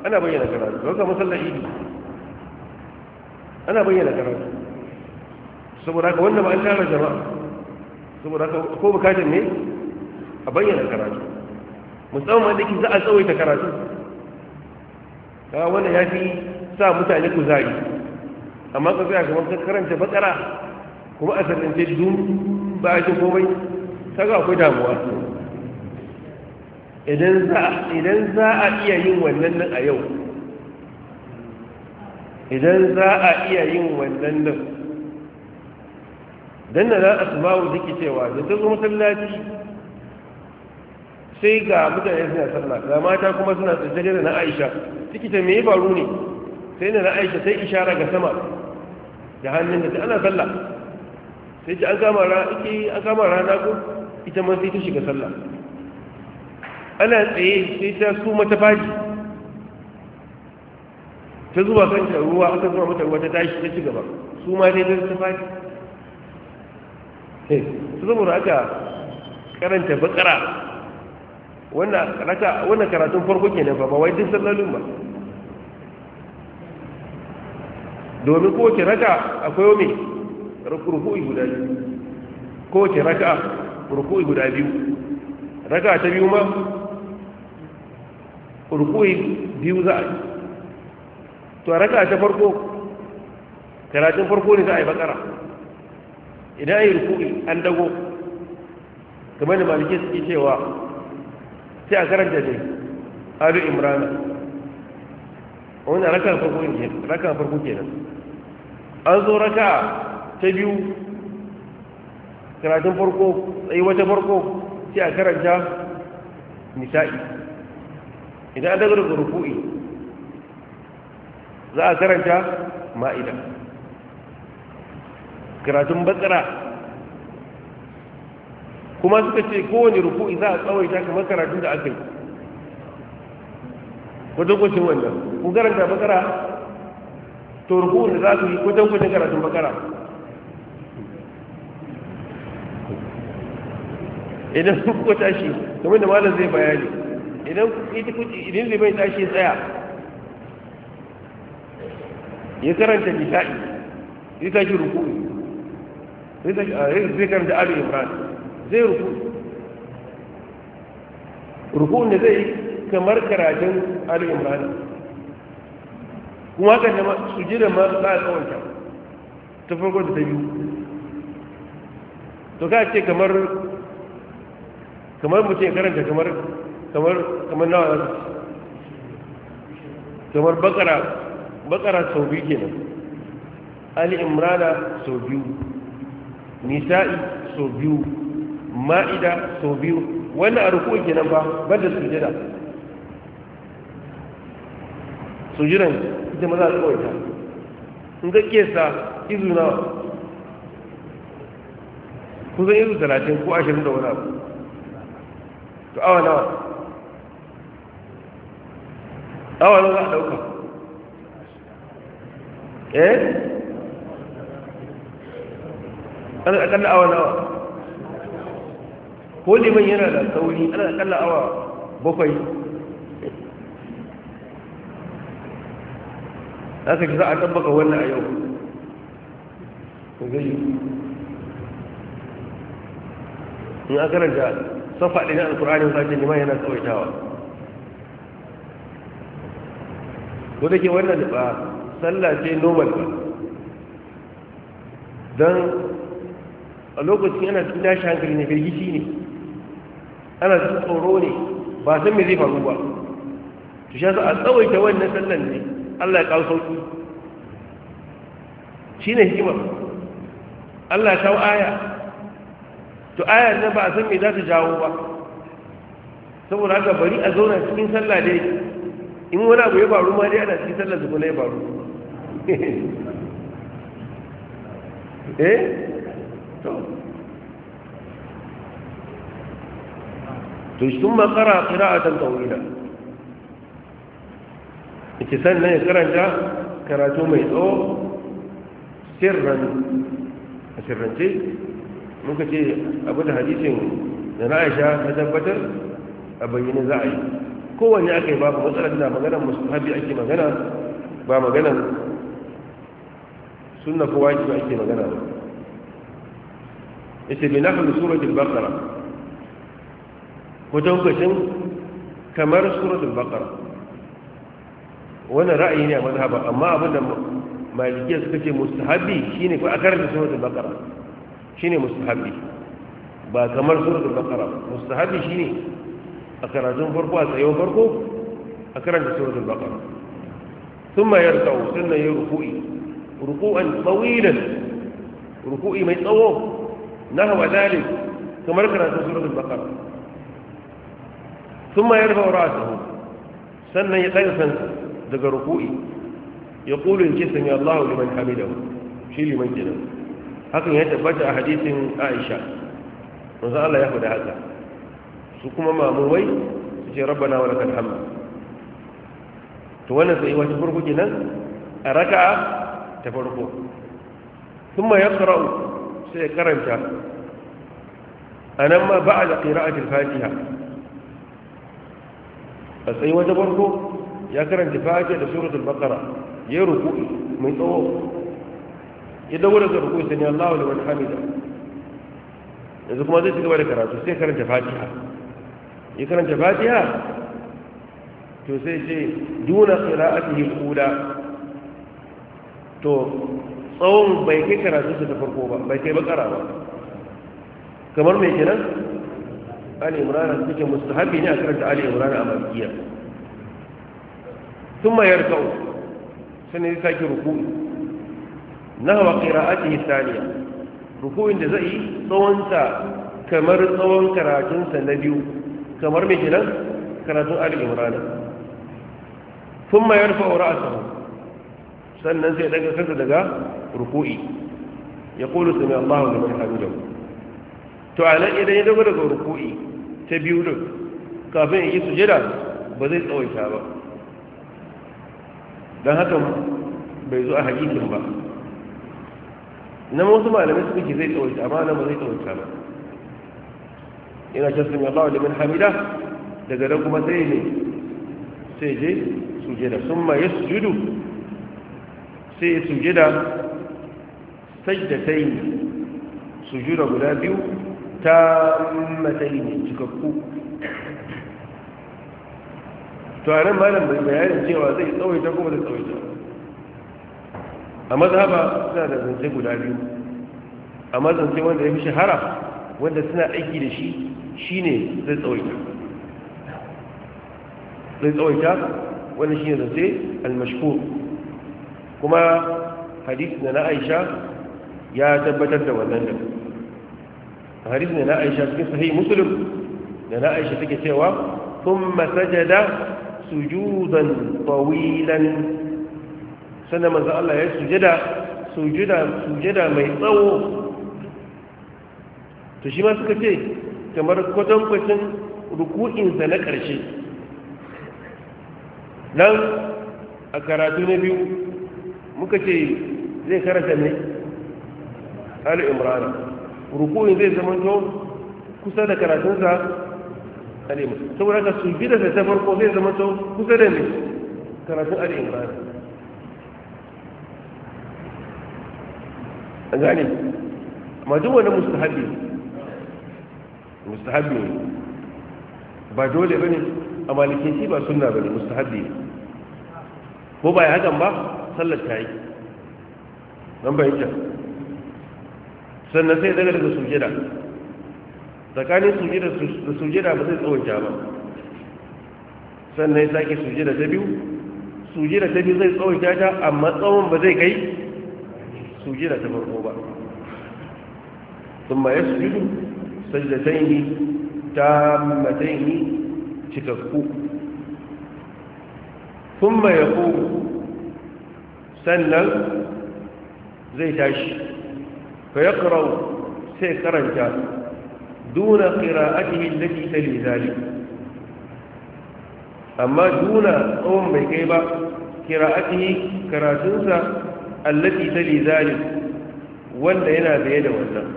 ana bayyana karatu ba kamar sallar idi ana bayyana karatu saboda haka wannan ba an tara jama'a saboda haka ko bukatar ne a bayyana karatu musamman da ke za a tsawaita karatu ta wanda ya fi sa mutane zari amma ka a kamar kan karanta bakara kuma a sarrance dun ba a jin komai ga akwai damuwa idan za a iya yin wannan nan a yau idan za a iya yin wannan nan dan na asma'u take cewa da duk masallaci sai ga mutane suna sallah ga mata kuma suna tsaye da na Aisha take ta mai faru ne sai na Aisha sai ishara ga sama da hannun da ana sallah sai ji an kama rana ake an kama rana ko ita ma sai ta shiga sallah ana tsaye sai ta su mata faji ta zuwa kanta ruwa aka zuwa mata ruwa ta tashi ta ci gaba su ma dai ta faji Eh, su saboda aka karanta bakara wannan karatun farko ke nufa ba wai duk sallalin ba domin kowace raka akwai wame ruku'i guda biyu kowace raka ruku'i guda biyu raka ta biyu ma ruku'i biyu za a yi to a raka ta farko karatun farko ne za a yi bakara idan yi rukuni an dago kamar da maliki suke cewa sai a karanta ne alu imran wani raka farko ne raka farko kenan an zo raka ta biyu karatun farko sai wata farko sai a karanta nisa'i idan an daga daga za a karanta ma'ida karatun bakara kuma suka ce kowane ruku'i za a tsawaita kamar karatun da aka yi kwatankwacin wannan kun karanta bakara to ruku'un da za su yi kwatankwacin karatun bakara idan kuka tashi kamar da malam zai bayani idan idan bai tashi tsaya ya karanta nisa'i ya tashi ruku'i Eh, zai karanta ali imran zai ruku rukun da zai kamar karatun ali imran kuma haka nema su jira ma za a tsawanta ta farko da ta biyu to ka ce kamar kamar mutum karanta kamar kamar kamar nawa kamar bakara bakara sau biyu kenan ali imrana sau biyu nisa'i so biyu ma'ida so biyu wannan a ke nan ba banda sujada sujidan ita maza a ta in ga kesa izu na kusan izu talatin ko ashirin da wani abu to awa nawa awa nawa za a ɗauka eh ana akalla awa nawa ko liman yana da sauri ana akalla awa bakwai za ka za a tabbaka wannan a yau zai in a karanta safa ɗin alkur'ani za ce liman yana tsawaitawa ko da ke wannan ba sallah ce normal don a lokacin ana cikin tashi hankali ne firgici ne ana cikin tsoro ne ba san me zai faru ba to shi a tsawaita wannan sallan ne Allah ya kawo sauki Shi shine hikima Allah ya kawo aya to aya nan ba a san me za ta jawo ba saboda haka bari a zauna cikin sallah dai in wani abu ya faru ma dai ana cikin sallah su kula ya faru eh to sun makara kira'atan tawila ita sannan ya karanta karatu mai tso sirran a sirrance muka ce abu da hadisin da na aisha ta tabbatar a bayyana za a yi kowanne aka yi babu matsalar da maganar musulhabi ake magana ba maganar sunna kowa ake magana ba yace bi nahwi suratul baqara wajen kwacin kamar suratul baqara wani ra'ayi ne a mazhaba amma abinda malikiya suka ce mustahabi shine ko a karanta suratul baqara shine mustahabi ba kamar suratul baqara mustahabi shine a karatun farko a tsayon farko a karanta suratul sun thumma yarka'u sannan ya ruku'i ruku'an tawilan ruku'i mai tsawo نحو ذلك كما ذكر في سورة البقرة ثم يرفع رأسه سنة يتغفن دق ركوعي يقول الجسم يا الله لمن حمده شي لمن جنه hakan ya tabbata a hadisin Aisha manzo Allah ya faɗa haka su kuma mamuwai su ce rabbana wa lakal hamd to wannan sai farko a raka'a ta farko ya sai ya karanta a nan ma ba a da ƙira'atul fatiha a tsayi wata farko ya karanta fatiha da suratul baqara ya ruku mai tsawo ya dawo daga ruku sai ya Allahu liman hamida yanzu kuma zai cigaba da karatu sai karanta fatiha ya karanta fatiha to sai ce duna qira'atihi al-ula to tsawon bai kai karatu su ta farko ba bai kai bakara ba kamar mai kenan ali imran suke mustahabi ne a karanta ali imran a makiya mayar yarka'u sun yi sake ruku'i nahwa qira'atihi thaniya ruku'in da zai tsawon ta kamar tsawon karatun sa na biyu kamar mai kenan karatun ali imran thumma yarfa'u ra'sahu sannan sai daga kansa daga ruku'i ya kulu sami Allah wa liman hamidah to a nan idan ya dago daga ruku'i ta biyu din kafin ya yi sujada ba zai tsawaita ba dan haka bai zo a hakikin ba na wasu malamai su kuke zai tsawaita amma nan ba zai tsawaita ba ina can sami Allah wa liman hamidah daga nan kuma sai ne sai je sujada sun ma su sujudu sai ya sujjada sajdatai sujuda guda biyu ta matsayi ne cikakku tuwanen malam bai bayanin cewa zai tsawaita kuma zai tsawaita a mazhaba suna da zance guda biyu a mazance wanda ya fi shahara wanda suna aiki da shi shine zai tsawaita zai tsawaita wanda shine zance almashkur kuma hadisi na Aisha ya tabbatar da wannan da hadisi na Aisha cikin sahih Muslim da na Aisha take cewa thumma sajada sujudan tawilan sannan manzo Allah ya sujada sujada sujada mai tsawo to shi ma suka ce kamar kwatankwacin ruku'insa na ƙarshe nan a karatu na biyu muka ce zai karanta ne ali imran ruku'in zai zama to kusa da karatunsa ali imran saboda ka su bi da ta farko zai zama to kusa da ne karatun ali imran an gani. amma duk wani mustahabi mustahabi ba dole ba ne a shi ba sunna ba ne mustahabi ko ba ya hakan ba sallar ta yi don bayyanta sannan sai daga daga sujjada tsakanin sujjada da sujjada ba zai tsawon ba sannan ya sake sujjada ta biyu sujjada ta biyu zai tsawon ta amma tsawon ba zai kai sujjada ta farko ba ثم يسجد ta تامتين cikakku kuma ma ku? sannan zai tashi fa ya sai karanta duna ƙira da ke ta zali amma duna tsawon bai kai ba ƙira'atihi karatunsa allafi ta zali wanda yana zaye da wannan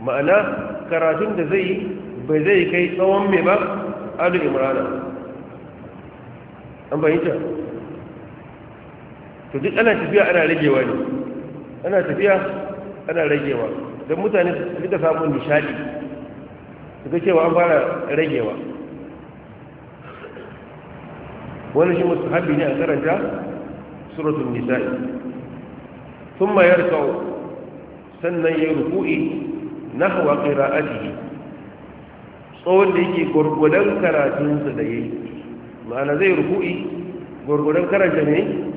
ma'ana karatun da zai bai zai kai tsawon mai ba adu imrana an bayyanta to duk ana tafiya ana ragewa ne ana tafiya ana ragewa don mutane su da samun nishadi su ga cewa an fara ragewa wani shi musu haɗi ne a karanta suratun nisa'i sun mayar kawo sannan ya ruku'i na hawa ƙira ajiye tsawon da yake gwargwadon karatunsa da ya yi ma'ana zai ruku'i gwargwadon karanta ne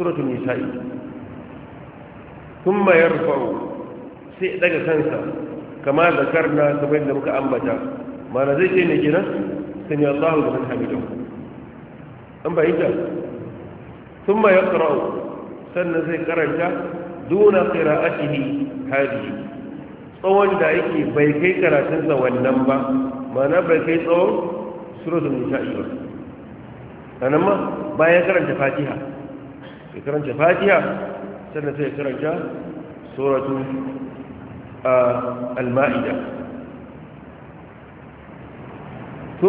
suratul nisa'i thumma yarfa'u sai daga kansa kama karna kamar da muka ambata mana zai ce ne kenan sami Allahu liman haɗu an bayyana thumma yaqra'u sannan zai karanta duna qira'atihi hadihi tsawon da yake bai kai karatunsa wannan ba mana bai kai tsawon suratul nisa'i ba sannan ma bayan karanta fatiha Sai karanta fatiha sannan sai karanta suratu al-ma'ida ya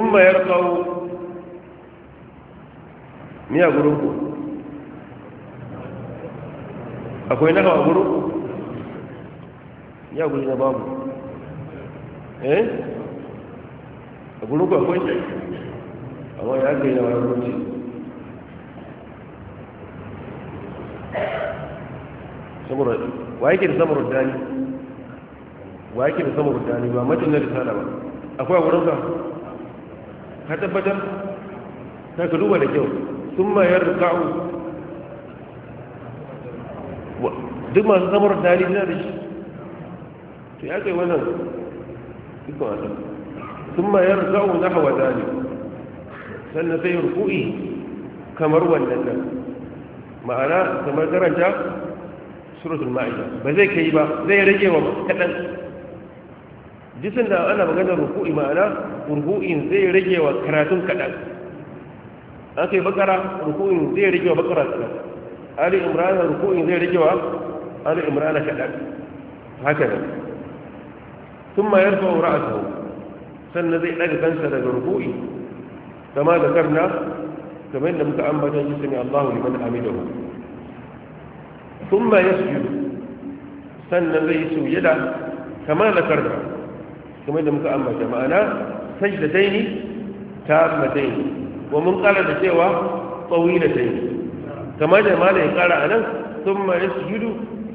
يرقوا ميا غروكو akwai na a guru ya guri na babu eh a guru ku akwai amma ya kai na wani saboda wa yake da saboda dani wa yake da saboda dani ba matin na risala ba akwai wurin ka ka tabbatar ta ka duba da kyau sun ma yar ka'u duk masu saboda dani na da shi to ya kai wannan ikon asali sun ma yar ka'u na hawa dani sannan sai rukui kamar wannan nan ma'ana kamar karanta suratul ma'ida ba zai kai ba zai rage wa kaɗan? jisin da ana maganar ruku'i ma'ana ruku'in zai rage wa karatun kaɗan. an kai bakara ruku'in zai rage wa bakara kaɗan. ali imran ruku'in zai rage wa ali imran kadan haka ne thumma yarfa'u ra'sahu sannan zai ɗaga kansa daga ruku'i kama zakarna kamar yadda muka ambata jisani Allahu liman hamidahu thumma yasjudu sannan zai yi sujada kama na karda kuma da muka ambata ma'ana sajdataini tammataini wa mun kara da cewa tawilataini kama da ma ya kara anan thumma yasjudu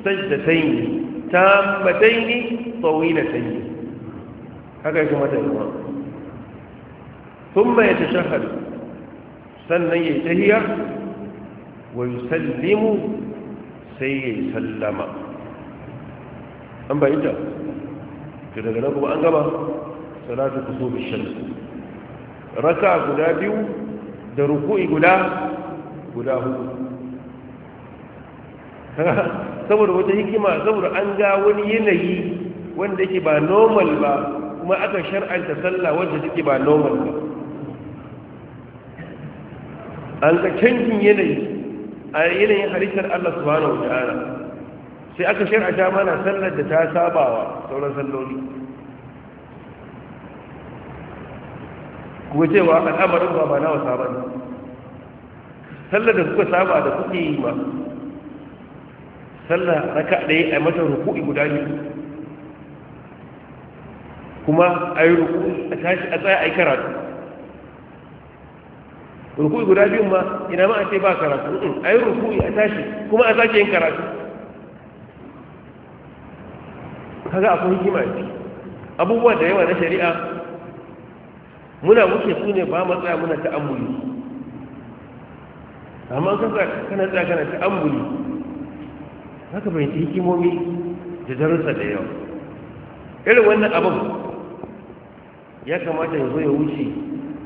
sajdataini tammataini tawilataini haka yake mata kuma thumma yatashahhadu sannan ya yayi tahiyya wa yusallimu sai ya yi sallama an bayi ta ke daga nan kuma an gama salatu ku so bishan raka guda biyu da ruku'i guda guda hudu saboda wata hikima saboda an ga wani yanayi wanda yake ba normal ba kuma aka shar'anta sallah wanda take ba normal ba an ga canjin yanayi a yanayin halittar Allah subhanahu wa ta'ala sai aka shar'ata mana sallar da ta sabawa sauran salloli kuma cewa al'amarin ba ba nawa saban sallar da kuka saba da kuke yi ma sallar raka ɗaya a mata ruku'i guda ne kuma a yi ruku a tashi a tsaya a yi karatu ruku'i guda biyun ma ina ma a ce ba karatu a yi ruku'i a tashi kuma a sake yin karatu kaga akwai hikima ce abubuwa da yawa na shari'a muna muke su ne ba matsaya muna ta ambuli amma kasa kana tsaya kana ambuli haka bai ta hikimomi da darussa da yawa irin wannan abin ya kamata yanzu ya wuce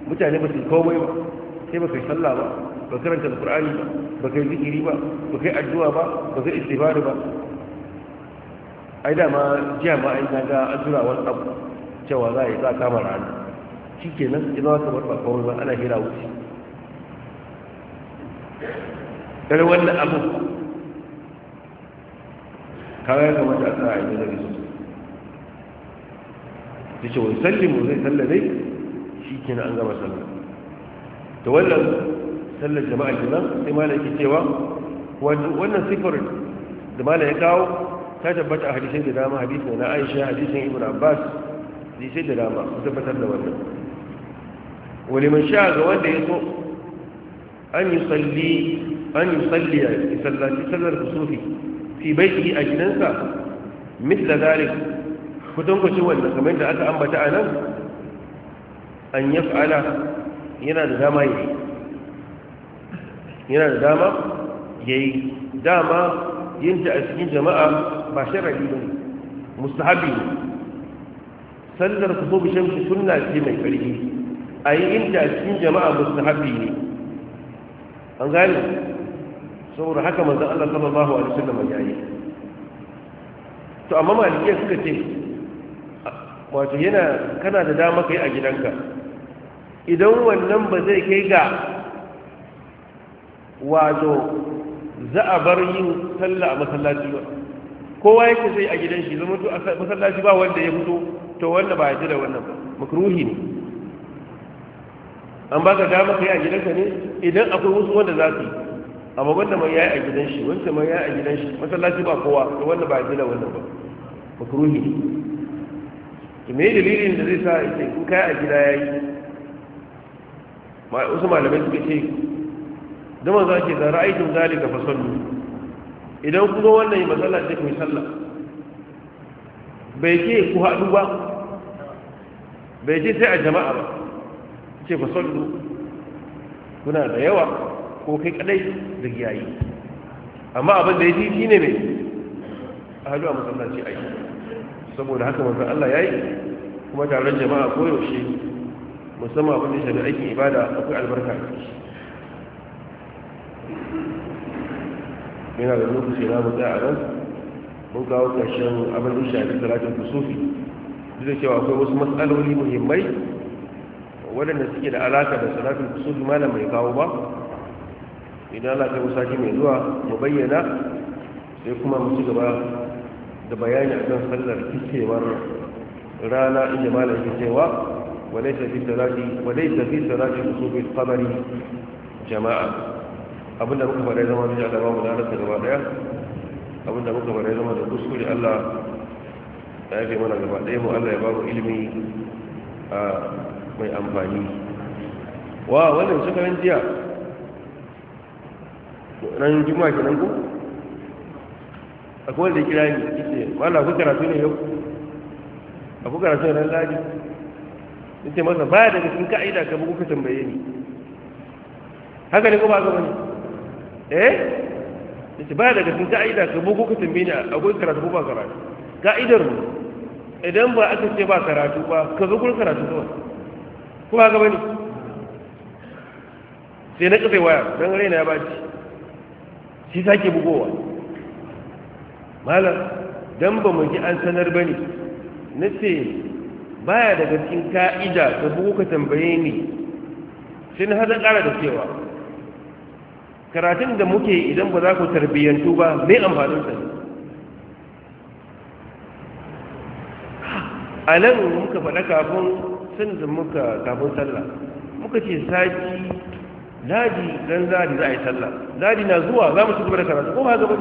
mutane ba su komai ba sai ba kai sallah ba ba karanta alqur'ani ba ba kai zikiri ba ba kai addu'a ba ba kai istighfari ba ai da ma jiya ma ai ga an tura wani abu cewa za a yi za a kama rana shikenan idan aka bar ba kawai ba ana hira wuce kare wannan abu kawai ya kamata a tsara a yi nazari sosai ta ce wani sallimu zai sallade shi kenan an gama sallah to wannan sallar jama'a kenan sai malam yake cewa wannan sifar da malam ya kawo ta tabbata a hadisai da dama hadisai na Aisha hadisin Ibn Abbas hadisai da dama su tabbatar da wannan wani mai sha ga wanda ya so an yi salli an yi salli ya sallaci sallar kusufi fi baiti a gidansa mithla zalik kutankwacin wannan kamar da aka ambata a nan an yaf'ala yana da dama yi. yana da dama yayi dama yin ta a cikin jama'a ba Rabi ne mustahabi ne sallar ku bi su suna ce mai karfi a yi yin ta a cikin jama'a mustahabi ne an gani saboda haka manzon Allah sallallahu alaihi wasallam ya yi to amma malikiya suka ce wato yana kana da dama kai a gidanka idan wannan ba zai kai ga wato za a bar yin sallah a masallaci ba kowa yake sai a gidan shi zama to a masallaci ba wanda ya fito to wanda ba ya da wannan ba makruhi ne an ba ka dama yi a gidanka ne idan akwai wasu wanda za su yi amma wanda mai yayi a gidan shi wanda mai yayi a gidan shi masallaci ba kowa to wanda ba ya da wannan ba makruhi ne to me dalilin da zai sa in kai a gida yayi wasu malamai suka ce zama za ke zara aikin zari ga fasallu idan ku zo wannan matsala ce ku yi sallah bai ke ku haɗu ba bai ce sai a jama'a ba ce fasallu kuna da yawa ko kai kadai da giyayi amma abin da ya ji shi ne mai a hajji a masallaci aiki saboda haka manzan Allah ya yi kuma taron jama'a koyaushe musamman abin da shafi aikin ibada akwai albarka yana da lokaci na mu tsaya a nan mun kawo ƙarshen abin da shafi talatin sufi duk da cewa akwai wasu matsaloli muhimmai waɗanda suke da alaƙa da salatin kusufi malam mai kawo ba idan ala kai musaki mai zuwa mu bayyana sai kuma mu ci gaba da bayani akan sallar kicewar rana inda malam ke cewa وليس في صلاة وليس في صلاة وصول القمر جماعة abin da muka faɗa zama da Allah babu lalata gaba ɗaya abin da muka faɗa zama da kuskure Allah ya yafe mana gaba mu Allah ya ba ilimi mai amfani wa wannan shekarun jiya ran juma'a kenan ko akwai wanda ya kira ni yace mallam ku karatu ne yau akwai karatu ne ran ladi in masa baya daga cikin ka'ida ka bugu ka tambaye ni haka ne ko ba ga wani eh in ba baya daga cikin ka'ida ka bugu ka tambaye ni akwai karatu ko ba karatu ka'idar mu idan ba aka ce ba karatu ba ka zo gurin karatu kawai ko ba ga wani sai na kasai waya don raina ya baci shi sake bugowa malam dan ba mu ji an sanar ba ne na ce baya daga cikin ka'ida da buka tambaye ni sun hada ƙara da cewa karatun da muke idan ba za ku tarbiyyantu ba mai amfanin sa a nan muka faɗa kafin sun da muka kafin sallah muka ce saki ladi dan zadi za a yi sallah ladi na zuwa za mu ci gaba da karatu ko ba gaba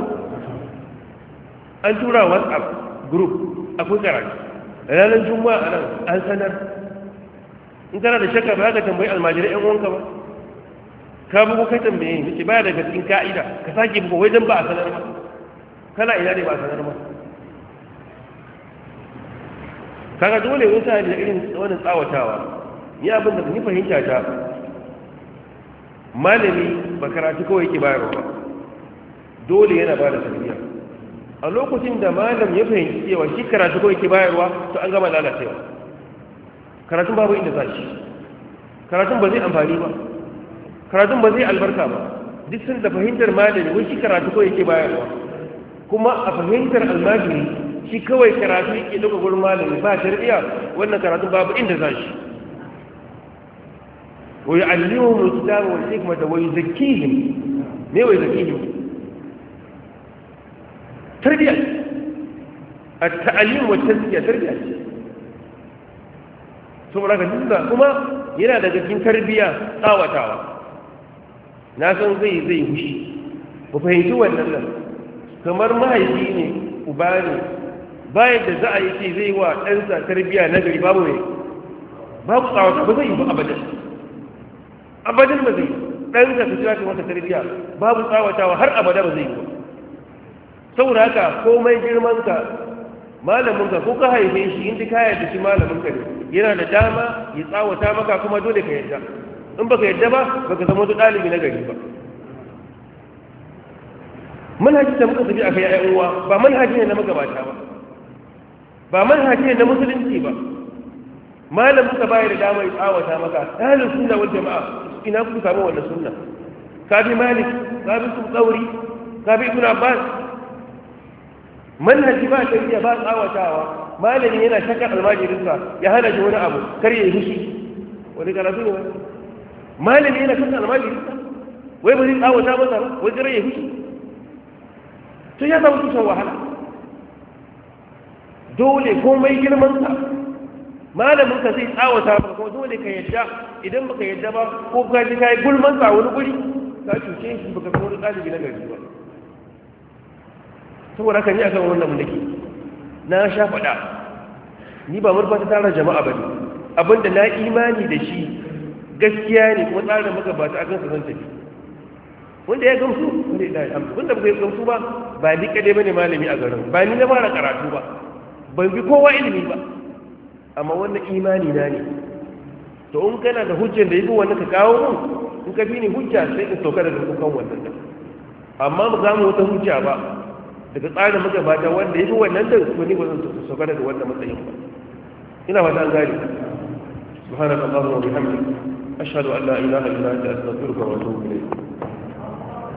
an tura whatsapp group akwai karatu ranar a nan an sanar in kana da shakka ba ka tambayi almajiri yan uwanka ba ka bugu kai tambaye ne ce baya daga cikin ka'ida ka sake bugu wai dan ba a sanar ba kana ina ne ba a sanar ba kaga dole wani sa da irin wannan tsawatawa ni abin da ni fahimta ta malami ba karatu kawai yake bayarwa ba dole yana ba da tarbiyya a lokacin da malam ya fahimci cewa shi karatu kawai ke bayarwa to an gama lalacewa karatun babu inda za shi karatun ba zai amfani ba karatun ba zai albarka ba duk sun da fahimtar malami wani shi karatu kawai ke bayarwa kuma a fahimtar almajiri shi kawai karatu yake daga gurin malami ba tarbiya wannan karatun babu inda za shi wa yu'allimuhum al-kitaba wal hikmata wa yuzakkihim me wa yuzakkihim tarbiyya a wacce wa tarbiyya tarbiyya ce saboda ka dinga kuma yana daga cikin tarbiyya tsawatawa na san zai zai hushi ku fahimci wannan nan kamar mahaifi ne uba ne bayan da za a yi ce zai wa ɗansa tarbiyya na gari babu ne babu tsawata ba zai yi ba abadan abadan ba zai yi ɗansa su jira ta wata tarbiyya babu tsawatawa har abada ba zai yi ba saboda haka komai girmanka malaminka ko ka haife shi in ka yarda shi malaminka ne yana da dama ya tsawata maka kuma dole ka yarda in baka yarda ba baka zama wani ɗalibi na gari ba manhaji ta muka tafi a kai ƴan uwa ba manhaji ne na magabata ba ba manhaji ne na musulunci ba malamin ka bayar da dama ya tsawata maka Ɗalibin sunna wal jamaa ina ku samu wannan sunna kafi malik kafi sun tsauri kafi ibn abbas manhaji ba tarbiyya ba tsawatawa malami yana shakka sa ya hana shi wani abu kar ya yi hushi wani karatu ne malami yana shakka sa wai ba zai tsawata masa ba wai kar ya yi hushi to ya zama tushen wahala dole ko mai girman sa malamin ka zai tsawata maka kuma dole ka yadda idan baka yadda ba ko ka ji kai gulman sa wani guri ka cuce shi baka kuma wani ɗalibi na gari ba saboda yi a kan wannan mulki na sha faɗa ni ba murfa ta tara jama'a ne. abinda na imani da shi gaskiya ne kuma tsarin magabata a kan zan tafi wanda ya gamsu wanda ya dace amsa wanda bai gamsu ba ba ni kadai bane malami a garin ba ni na mara karatu ba ban bi kowa ilimi ba amma wannan imani na ne to in kana da hujjar da yake wannan ka kawo mu in ka bi ni hujja sai in sauka daga kukan wannan amma ba za mu wata hujja ba daga tsarin magabata wanda ya fi wannan da wani wanzan zan tafi sauka daga wannan matsayin ba ina wata an gari subhanallahu wa bihamdihi ashhadu an la ilaha illa anta astaghfiruka wa atubu ilayk